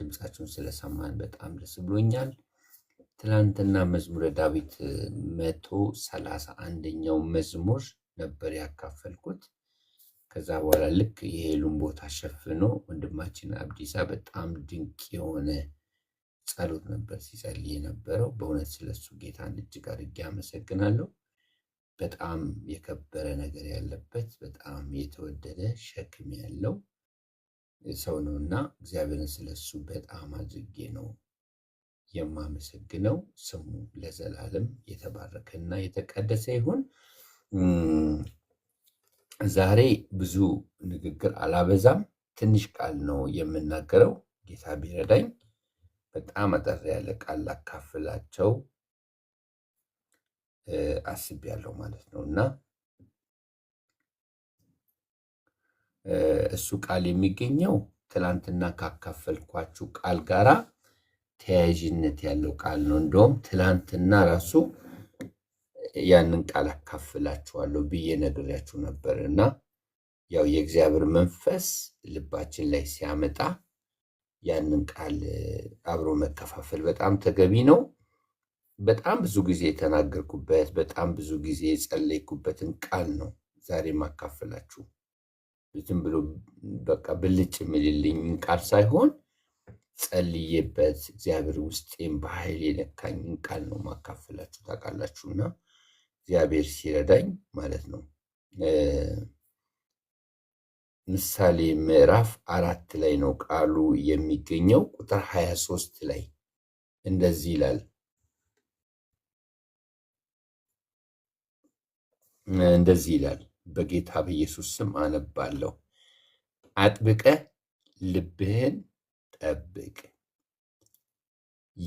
ድምፃቸውን ስለሰማን በጣም ደስ ብሎኛል። ትላንትና መዝሙረ ዳዊት መቶ ሰላሳ አንደኛው መዝሙር ነበር ያካፈልኩት። ከዛ በኋላ ልክ የሄሉን ቦታ ሸፍኖ ወንድማችን አብዲሳ በጣም ድንቅ የሆነ ጸሎት ነበር ሲጸልይ የነበረው። በእውነት ስለሱ ጌታን እጅግ አድርጌ አመሰግናለሁ። በጣም የከበረ ነገር ያለበት በጣም የተወደደ ሸክም ያለው ሰው ነው እና እግዚአብሔርን ስለሱ በጣም አድርጌ ነው የማመሰግነው። ስሙ ለዘላለም የተባረከ እና የተቀደሰ ይሁን። ዛሬ ብዙ ንግግር አላበዛም፣ ትንሽ ቃል ነው የምናገረው። ጌታ ቢረዳኝ በጣም አጠር ያለ ቃል ላካፍላቸው አስቤያለሁ ማለት ነው እና እሱ ቃል የሚገኘው ትላንትና ካካፈልኳችሁ ቃል ጋራ ተያያዥነት ያለው ቃል ነው። እንደውም ትላንትና ራሱ ያንን ቃል አካፍላችኋለሁ ብዬ ነግሬያችሁ ነበር እና ያው የእግዚአብሔር መንፈስ ልባችን ላይ ሲያመጣ ያንን ቃል አብሮ መከፋፈል በጣም ተገቢ ነው። በጣም ብዙ ጊዜ የተናገርኩበት በጣም ብዙ ጊዜ የጸለይኩበትን ቃል ነው ዛሬ ማካፈላችሁ። ዝም ብሎ በቃ ብልጭ የሚልልኝ ቃል ሳይሆን ጸልዬበት እግዚአብሔር ውስጤን በኃይል የነካኝን ቃል ነው ማካፈላችሁ። ታውቃላችሁ እና እግዚአብሔር ሲረዳኝ ማለት ነው። ምሳሌ ምዕራፍ አራት ላይ ነው ቃሉ የሚገኘው ቁጥር ሀያ ሶስት ላይ እንደዚህ ይላል እንደዚህ ይላል በጌታ በኢየሱስ ስም አነባለሁ። አጥብቀ ልብህን ጠብቅ፣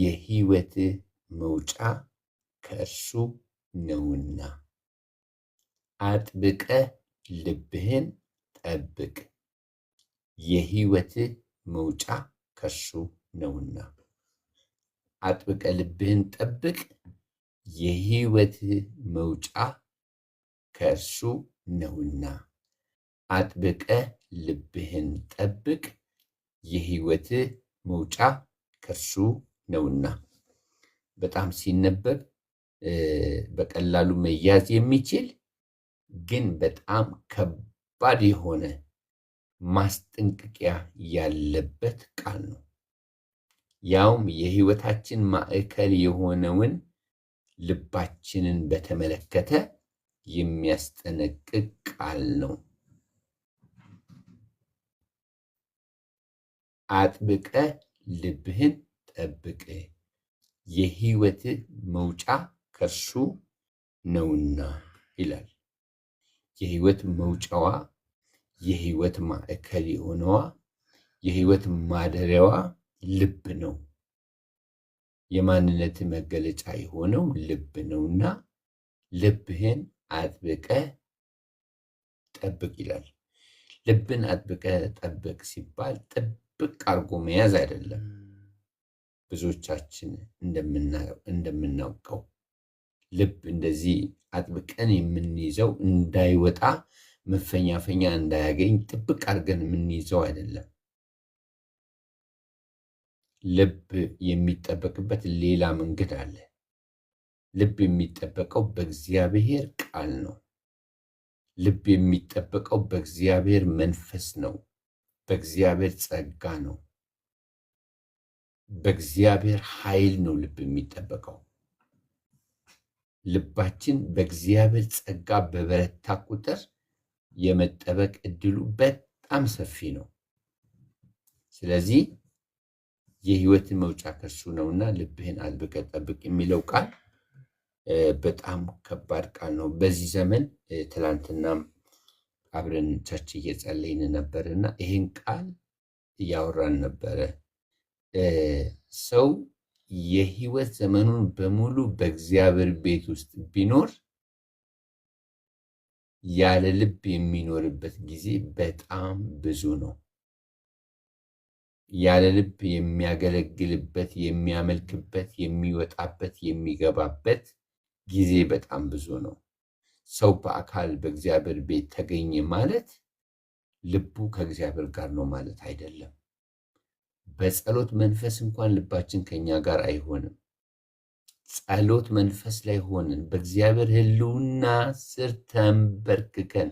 የህይወት መውጫ ከእርሱ ነውና። አጥብቀ ልብህን ጠብቅ፣ የህይወት መውጫ ከእርሱ ነውና። አጥብቀ ልብህን ጠብቅ፣ የህይወት መውጫ ከእርሱ ነውና አጥብቀ ልብህን ጠብቅ፣ የህይወት መውጫ ከእርሱ ነውና። በጣም ሲነበብ በቀላሉ መያዝ የሚችል ግን በጣም ከባድ የሆነ ማስጠንቀቂያ ያለበት ቃል ነው። ያውም የህይወታችን ማዕከል የሆነውን ልባችንን በተመለከተ የሚያስጠነቅቅ ቃል ነው። አጥብቀ ልብህን ጠብቅ፣ የህይወት መውጫ ከሱ ነውና ይላል። የህይወት መውጫዋ፣ የህይወት ማዕከል የሆነዋ፣ የህይወት ማደሪያዋ ልብ ነው። የማንነት መገለጫ የሆነው ልብ ነውና ልብህን አጥብቀ ጠብቅ ይላል። ልብን አጥብቀ ጠብቅ ሲባል ጥብቅ አድርጎ መያዝ አይደለም። ብዙዎቻችን እንደምናውቀው ልብ እንደዚህ አጥብቀን የምንይዘው እንዳይወጣ መፈኛፈኛ እንዳያገኝ ጥብቅ አድርገን የምንይዘው አይደለም። ልብ የሚጠበቅበት ሌላ መንገድ አለ። ልብ የሚጠበቀው በእግዚአብሔር ቃል ነው። ልብ የሚጠበቀው በእግዚአብሔር መንፈስ ነው። በእግዚአብሔር ጸጋ ነው። በእግዚአብሔር ኃይል ነው ልብ የሚጠበቀው። ልባችን በእግዚአብሔር ጸጋ በበረታ ቁጥር የመጠበቅ እድሉ በጣም ሰፊ ነው። ስለዚህ የህይወትን መውጫ ከሱ ነውና ልብህን አጥብቀህ ጠብቅ የሚለው ቃል በጣም ከባድ ቃል ነው። በዚህ ዘመን ትላንትናም አብረን ቸርች እየጸለይን ነበር እና ይህን ቃል እያወራን ነበረ። ሰው የህይወት ዘመኑን በሙሉ በእግዚአብሔር ቤት ውስጥ ቢኖር ያለ ልብ የሚኖርበት ጊዜ በጣም ብዙ ነው። ያለ ልብ የሚያገለግልበት፣ የሚያመልክበት፣ የሚወጣበት፣ የሚገባበት ጊዜ በጣም ብዙ ነው። ሰው በአካል በእግዚአብሔር ቤት ተገኘ ማለት ልቡ ከእግዚአብሔር ጋር ነው ማለት አይደለም። በጸሎት መንፈስ እንኳን ልባችን ከኛ ጋር አይሆንም። ጸሎት መንፈስ ላይ ሆንን በእግዚአብሔር ሕልውና ስር ተንበርክከን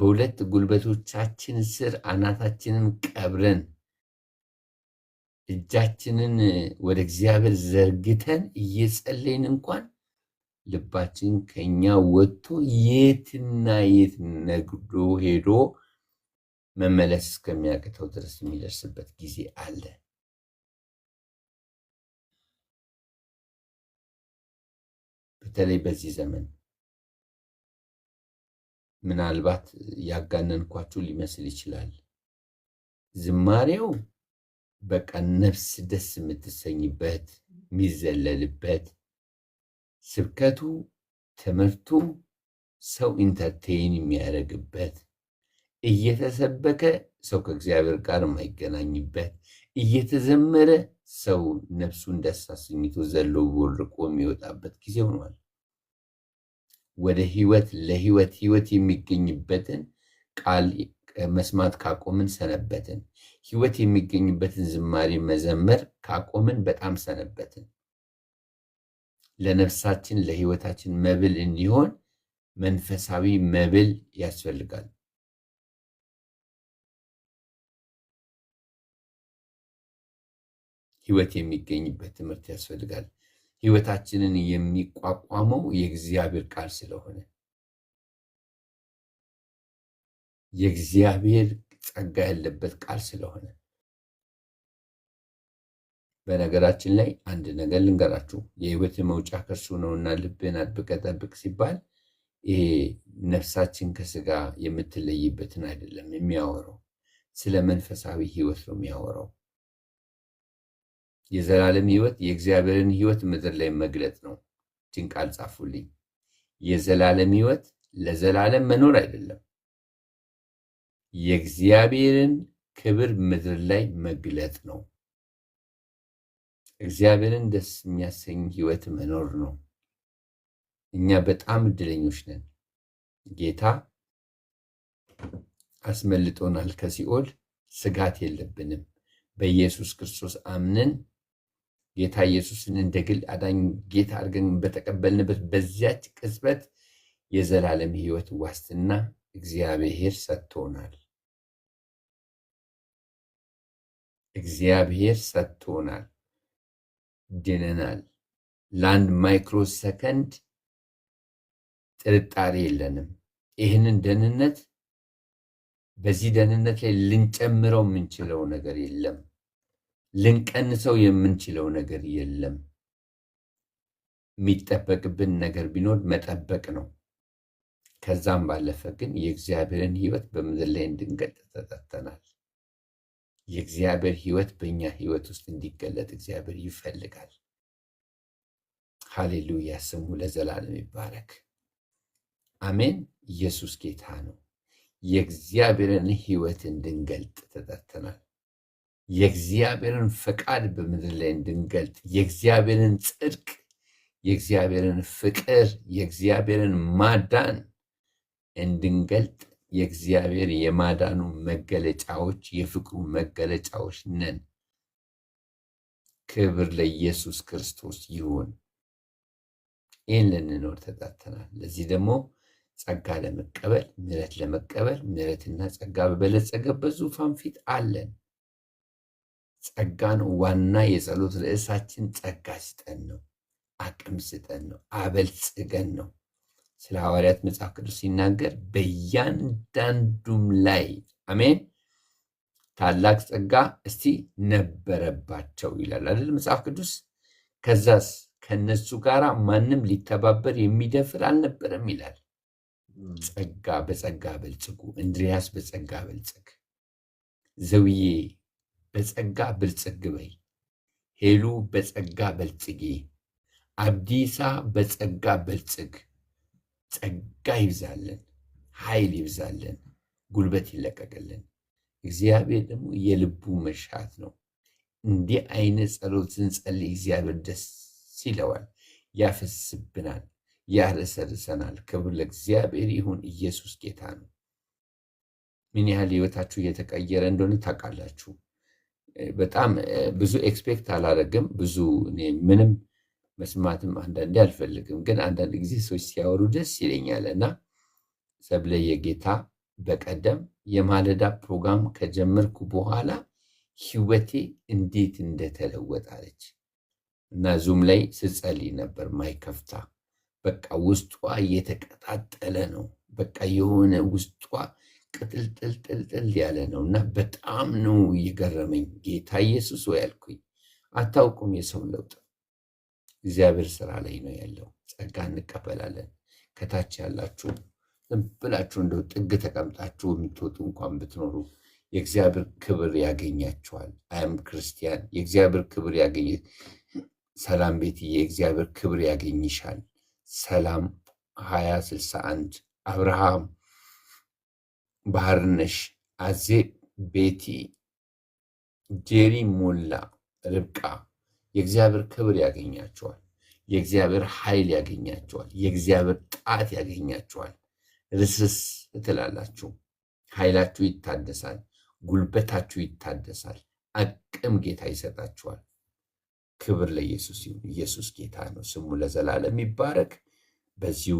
በሁለት ጉልበቶቻችን ስር አናታችንን ቀብረን እጃችንን ወደ እግዚአብሔር ዘርግተን እየጸለይን እንኳን ልባችን ከኛ ወጥቶ የትና የት ነግዶ ሄዶ መመለስ እስከሚያቅተው ድረስ የሚደርስበት ጊዜ አለ። በተለይ በዚህ ዘመን ምናልባት ያጋነንኳችሁ ሊመስል ይችላል። ዝማሬው በቃ ነፍስ ደስ የምትሰኝበት የሚዘለልበት ስብከቱ፣ ትምህርቱ ሰው ኢንተርቴይን የሚያደርግበት እየተሰበከ ሰው ከእግዚአብሔር ጋር የማይገናኝበት እየተዘመረ ሰው ነፍሱን ደስ አሰኝቶ ዘሎ ወርቆ የሚወጣበት ጊዜ ሆኗል። ወደ ህይወት ለህይወት ህይወት የሚገኝበትን ቃል መስማት ካቆምን ሰነበትን። ህይወት የሚገኝበትን ዝማሬ መዘመር ካቆምን በጣም ሰነበትን። ለነፍሳችን ለህይወታችን መብል እንዲሆን መንፈሳዊ መብል ያስፈልጋል። ህይወት የሚገኝበት ትምህርት ያስፈልጋል። ህይወታችንን የሚቋቋመው የእግዚአብሔር ቃል ስለሆነ የእግዚአብሔር ጸጋ ያለበት ቃል ስለሆነ በነገራችን ላይ አንድ ነገር ልንገራችሁ። የህይወት መውጫ ከሱ ነውና ልብን አጥብቀ ጠብቅ ሲባል ይሄ ነፍሳችን ከስጋ የምትለይበትን አይደለም የሚያወራው፣ ስለ መንፈሳዊ ህይወት ነው የሚያወራው። የዘላለም ህይወት የእግዚአብሔርን ህይወት ምድር ላይ መግለጥ ነው። ችን ቃል ጻፉልኝ። የዘላለም ህይወት ለዘላለም መኖር አይደለም የእግዚአብሔርን ክብር ምድር ላይ መግለጥ ነው። እግዚአብሔርን ደስ የሚያሰኝ ህይወት መኖር ነው። እኛ በጣም እድለኞች ነን። ጌታ አስመልጦናል ከሲኦል። ስጋት የለብንም። በኢየሱስ ክርስቶስ አምነን ጌታ ኢየሱስን እንደ ግል አዳኝ ጌታ አድርገን በተቀበልንበት በዚያች ቅጽበት የዘላለም ህይወት ዋስትና እግዚአብሔር ሰጥቶናል። እግዚአብሔር ሰጥቶናል፣ ድነናል። ለአንድ ማይክሮ ሰከንድ ጥርጣሬ የለንም። ይህንን ደህንነት በዚህ ደህንነት ላይ ልንጨምረው የምንችለው ነገር የለም። ልንቀንሰው የምንችለው ነገር የለም። የሚጠበቅብን ነገር ቢኖር መጠበቅ ነው። ከዛም ባለፈ ግን የእግዚአብሔርን ህይወት በምድር ላይ እንድንገልጥ ተጠርተናል። የእግዚአብሔር ህይወት በእኛ ህይወት ውስጥ እንዲገለጥ እግዚአብሔር ይፈልጋል። ሃሌሉያ! ስሙ ለዘላለም ይባረክ። አሜን። ኢየሱስ ጌታ ነው። የእግዚአብሔርን ህይወት እንድንገልጥ ተጠርተናል። የእግዚአብሔርን ፈቃድ በምድር ላይ እንድንገልጥ፣ የእግዚአብሔርን ጽድቅ፣ የእግዚአብሔርን ፍቅር፣ የእግዚአብሔርን ማዳን እንድንገልጥ የእግዚአብሔር የማዳኑ መገለጫዎች የፍቅሩ መገለጫዎች ነን። ክብር ለኢየሱስ ክርስቶስ ይሁን። ይህን ልንኖር ተጠርተናል። ለዚህ ደግሞ ጸጋ ለመቀበል ምሕረት ለመቀበል ምሕረትና ጸጋ በበለጸገ በዙፋን ፊት አለን። ጸጋን ዋና የጸሎት ርዕሳችን ጸጋ ስጠን ነው፣ አቅም ስጠን ነው፣ አበልጽገን ነው። ስለ ሐዋርያት መጽሐፍ ቅዱስ ሲናገር በእያንዳንዱም ላይ አሜን ታላቅ ጸጋ እስቲ ነበረባቸው ይላል አይደል መጽሐፍ ቅዱስ። ከዛስ ከነሱ ጋር ማንም ሊተባበር የሚደፍር አልነበረም ይላል። ጸጋ በጸጋ በልጽጉ፣ እንድሪያስ በጸጋ በልጽግ፣ ዘውዬ በጸጋ ብልጽግ በይ፣ ሄሉ በጸጋ በልጽጌ፣ አብዲሳ በጸጋ በልጽግ ጸጋ ይብዛልን፣ ኃይል ይብዛልን፣ ጉልበት ይለቀቅልን። እግዚአብሔር ደግሞ የልቡ መሻት ነው። እንዲህ አይነት ጸሎት ስንጸልይ እግዚአብሔር ደስ ይለዋል፣ ያፈስብናል፣ ያረሰርሰናል። ክብር ለእግዚአብሔር ይሁን። ኢየሱስ ጌታ ነው። ምን ያህል ህይወታችሁ እየተቀየረ እንደሆነ ታውቃላችሁ። በጣም ብዙ ኤክስፔክት አላደረግም። ብዙ ምንም መስማትም አንዳንዴ አልፈልግም፣ ግን አንዳንድ ጊዜ ሰዎች ሲያወሩ ደስ ይለኛል እና ሰብለ የጌታ በቀደም የማለዳ ፕሮግራም ከጀመርኩ በኋላ ህይወቴ እንዴት እንደተለወጣለች እና ዙም ላይ ስጸልይ ነበር ማይከፍታ በቃ ውስጧ እየተቀጣጠለ ነው። በቃ የሆነ ውስጧ ቅጥልጥልጥልጥል ያለ ነው እና በጣም ነው እየገረመኝ ጌታ ኢየሱስ ወይ አልኩኝ። አታውቁም የሰው ለውጥ እግዚአብሔር ስራ ላይ ነው ያለው። ጸጋ እንቀበላለን። ከታች ያላችሁ ዝም ብላችሁ እንደው ጥግ ተቀምጣችሁ የምትወጡ እንኳን ብትኖሩ የእግዚአብሔር ክብር ያገኛችኋል። አያም ክርስቲያን የእግዚአብሔር ክብር ያገኝ። ሰላም ቤት የእግዚአብሔር ክብር ያገኝሻል። ሰላም ሀያ ስልሳ አንድ አብርሃም ባህርነሽ፣ አዜብ፣ ቤቲ፣ ጄሪ፣ ሞላ፣ ርብቃ የእግዚአብሔር ክብር ያገኛቸዋል። የእግዚአብሔር ኃይል ያገኛቸዋል። የእግዚአብሔር ጣት ያገኛቸዋል። ርስስ ትላላችሁ፣ ኃይላችሁ ይታደሳል፣ ጉልበታችሁ ይታደሳል፣ አቅም ጌታ ይሰጣችኋል። ክብር ለኢየሱስ ይሁን። ኢየሱስ ጌታ ነው፣ ስሙ ለዘላለም ይባረክ። በዚሁ